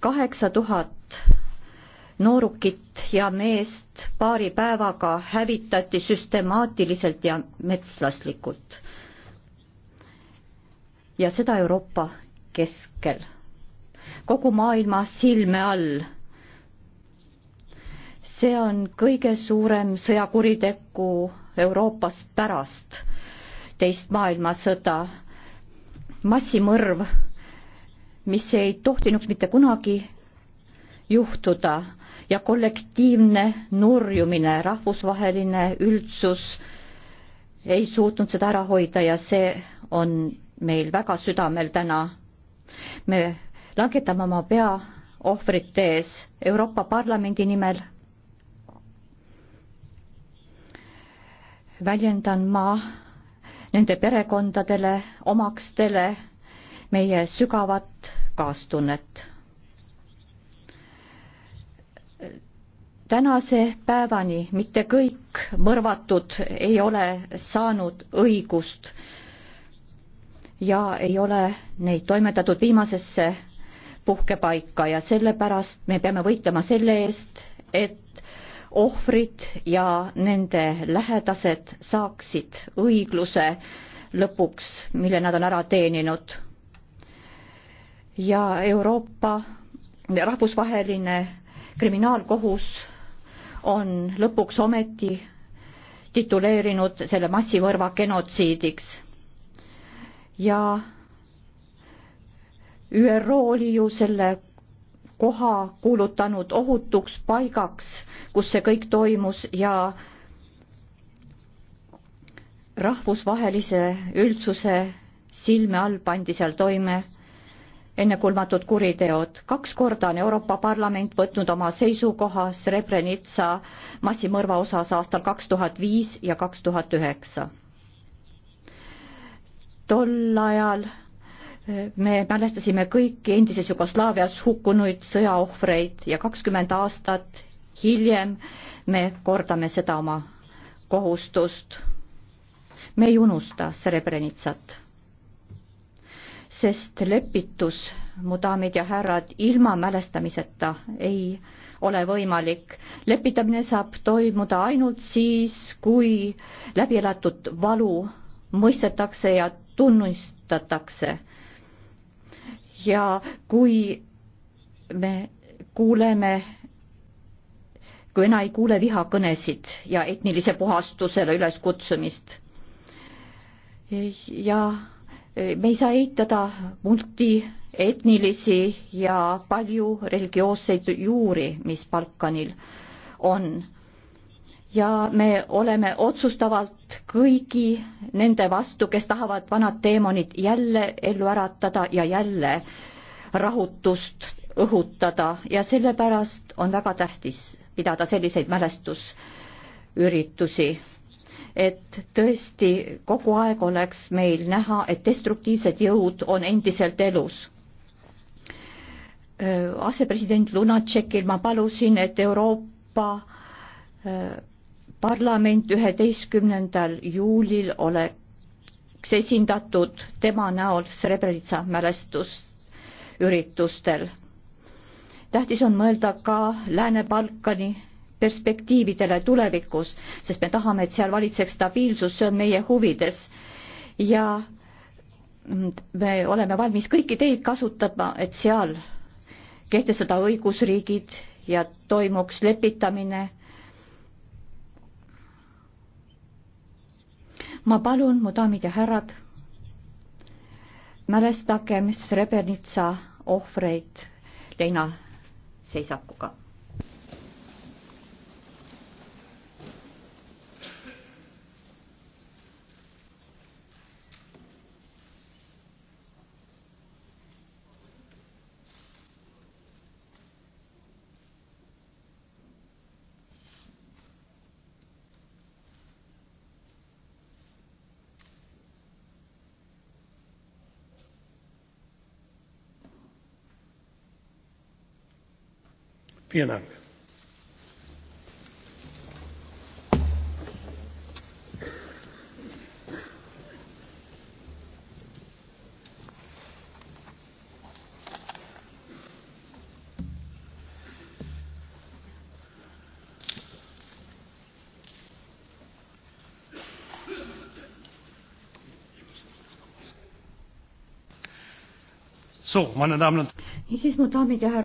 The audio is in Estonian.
kaheksa tuhat noorukit ja meest paari päevaga hävitati süstemaatiliselt ja metslaslikult. ja seda Euroopa keskel, kogu maailma silme all. see on kõige suurem sõjakuritegu Euroopas pärast teist maailmasõda, massimõrv mis ei tohtinuks mitte kunagi juhtuda ja kollektiivne nurjumine, rahvusvaheline üldsus ei suutnud seda ära hoida ja see on meil väga südamel täna. me langetame oma pea ohvrite ees Euroopa Parlamendi nimel. väljendan ma nende perekondadele, omakstele meie sügavat kaastunnet. tänase päevani mitte kõik mõrvatud ei ole saanud õigust ja ei ole neid toimetatud viimasesse puhkepaika ja sellepärast me peame võitlema selle eest, et ohvrid ja nende lähedased saaksid õigluse lõpuks, mille nad on ära teeninud ja Euroopa rahvusvaheline kriminaalkohus on lõpuks ometi tituleerinud selle massivõrva genotsiidiks. ja ÜRO oli ju selle koha kuulutanud ohutuks paigaks, kus see kõik toimus ja rahvusvahelise üldsuse silme all pandi seal toime ennekulmatud kuriteod. kaks korda on Euroopa Parlament võtnud oma seisukoha Srebrenica massimõrva osas aastal kaks tuhat viis ja kaks tuhat üheksa. tol ajal eh, me mälestasime kõiki endises Jugoslaavias hukkunuid sõjaohvreid ja kakskümmend aastat hiljem me kordame seda oma kohustust. me ei unusta Srebrenitsat sest lepitus, mu daamid ja härrad, ilma mälestamiseta ei ole võimalik. lepitamine saab toimuda ainult siis, kui läbi elatud valu mõistetakse ja tunnistatakse. ja kui me kuuleme, kui enam ei kuule vihakõnesid ja etnilise puhastusele üleskutsumist ja me ei saa eitada multietnilisi ja palju religioosseid juuri, mis Balkanil on. ja me oleme otsustavalt kõigi nende vastu, kes tahavad vanad teemonid jälle ellu äratada ja jälle rahutust õhutada ja sellepärast on väga tähtis pidada selliseid mälestusüritusi et tõesti kogu aeg oleks meil näha, et destruktiivsed jõud on endiselt elus. Äh, asepresident Lunatšekil ma palusin, et Euroopa äh, parlament üheteistkümnendal juulil oleks esindatud tema näol Srebrenica mälestusüritustel. tähtis on mõelda ka Lääne-Balkani perspektiividele tulevikus, sest me tahame, et seal valitseks stabiilsus, see on meie huvides. ja me oleme valmis kõiki teid kasutama, et seal kehtestada õigusriigid ja toimuks lepitamine. ma palun, mu daamid ja härrad, mälestagem Srebrenica ohvreid leinaseiskuga vielen dank! niisiis mu daamid ja härrad!